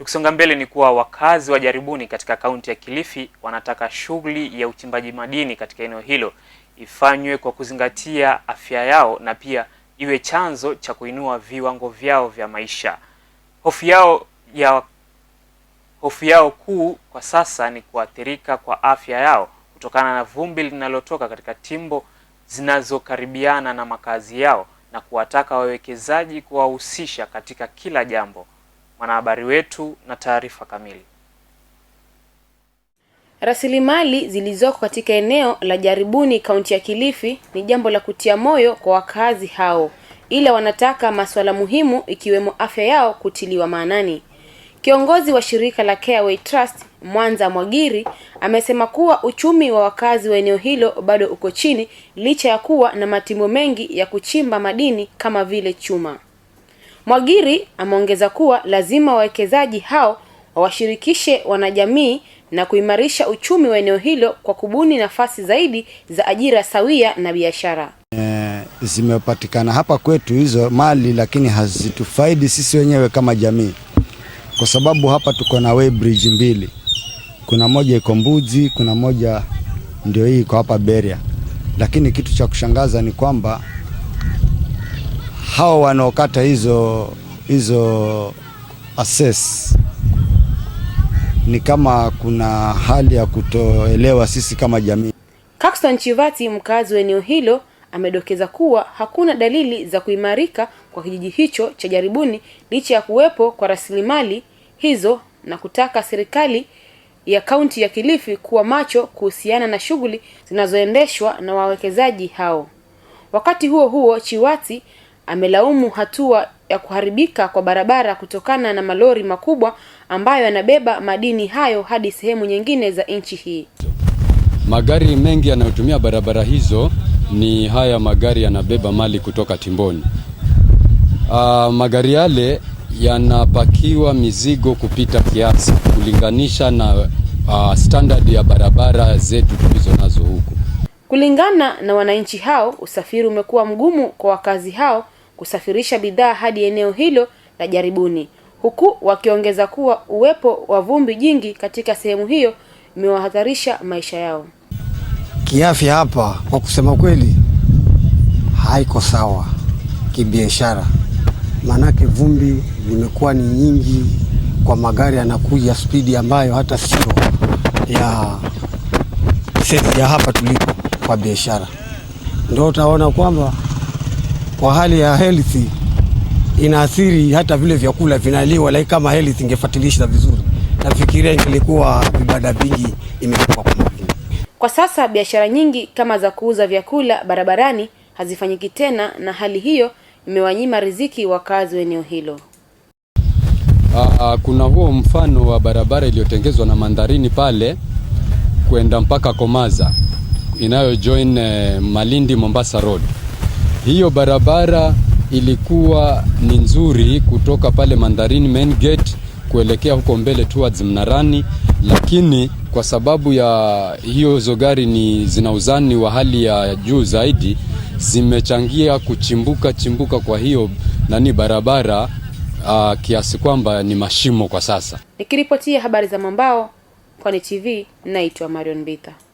Tukisonga mbele ni kuwa wakazi wa Jaribuni katika kaunti ya Kilifi wanataka shughuli ya uchimbaji madini katika eneo hilo ifanywe kwa kuzingatia afya yao na pia iwe chanzo cha kuinua viwango vyao vya maisha. Hofu yao ya hofu yao kuu kwa sasa ni kuathirika kwa afya yao kutokana na vumbi linalotoka katika timbo zinazokaribiana na makazi yao na kuwataka wawekezaji kuwahusisha katika kila jambo mwanahabari wetu na taarifa kamili. Rasilimali zilizoko katika eneo la Jaribuni kaunti ya Kilifi ni jambo la kutia moyo kwa wakazi hao, ila wanataka masuala muhimu ikiwemo afya yao kutiliwa maanani. Kiongozi wa shirika la Careway Trust Mwanza Mwagiri amesema kuwa uchumi wa wakazi wa eneo hilo bado uko chini licha ya kuwa na matimbo mengi ya kuchimba madini kama vile chuma. Mwagiri ameongeza kuwa lazima wawekezaji hao wawashirikishe wanajamii na kuimarisha uchumi wa eneo hilo kwa kubuni nafasi zaidi za ajira sawia na biashara. E, zimepatikana hapa kwetu hizo mali lakini hazitufaidi sisi wenyewe kama jamii, kwa sababu hapa tuko na weighbridge mbili, kuna moja iko Mbuzi, kuna moja ndio hii iko hapa Beria, lakini kitu cha kushangaza ni kwamba hao wanaokata hizo hizo assess ni kama kuna hali ya kutoelewa sisi kama jamii. Caxton Chivati, mkazi wa eneo hilo, amedokeza kuwa hakuna dalili za kuimarika kwa kijiji hicho cha Jaribuni licha ya kuwepo kwa rasilimali hizo na kutaka serikali ya kaunti ya Kilifi kuwa macho kuhusiana na shughuli zinazoendeshwa na wawekezaji hao. Wakati huo huo, Chiwati amelaumu hatua ya kuharibika kwa barabara kutokana na malori makubwa ambayo yanabeba madini hayo hadi sehemu nyingine za nchi hii. Magari mengi yanayotumia barabara hizo ni haya magari yanabeba mali kutoka Timboni. Uh, magari yale yanapakiwa mizigo kupita kiasi kulinganisha na uh, standard ya barabara zetu tulizo nazo huku. Kulingana na wananchi hao, usafiri umekuwa mgumu kwa wakazi hao kusafirisha bidhaa hadi eneo hilo la jaribuni, huku wakiongeza kuwa uwepo wa vumbi jingi katika sehemu hiyo imewahatarisha maisha yao kiafya. Hapa kwa kusema kweli, haiko sawa kibiashara, maanake vumbi limekuwa ni nyingi kwa magari yanakuja spidi ambayo hata sio ya sehemu ya hapa tulipo kwa biashara, ndio utaona kwamba kwa hali ya health inaathiri hata vile vyakula vinaliwa. lakini kama health ingefuatilisha vizuri, nafikiria ingelikuwa vibada vingi imekuwa kwa mavina. Kwa sasa biashara nyingi kama za kuuza vyakula barabarani hazifanyiki tena, na hali hiyo imewanyima riziki wakazi wa eneo hilo. Ah, ah, kuna huo mfano wa barabara iliyotengezwa na Mandharini pale kwenda mpaka Komaza inayo join eh, Malindi Mombasa Road. Hiyo barabara ilikuwa ni nzuri kutoka pale Mandarini main gate kuelekea huko mbele towards Mnarani, lakini kwa sababu ya hiyo gari ni zina uzani wa hali ya juu zaidi, zimechangia kuchimbuka chimbuka kwa hiyo nani barabara uh, kiasi kwamba ni mashimo kwa sasa. Nikiripotia habari za Mwambao, Pwani TV, naitwa Marion Bita.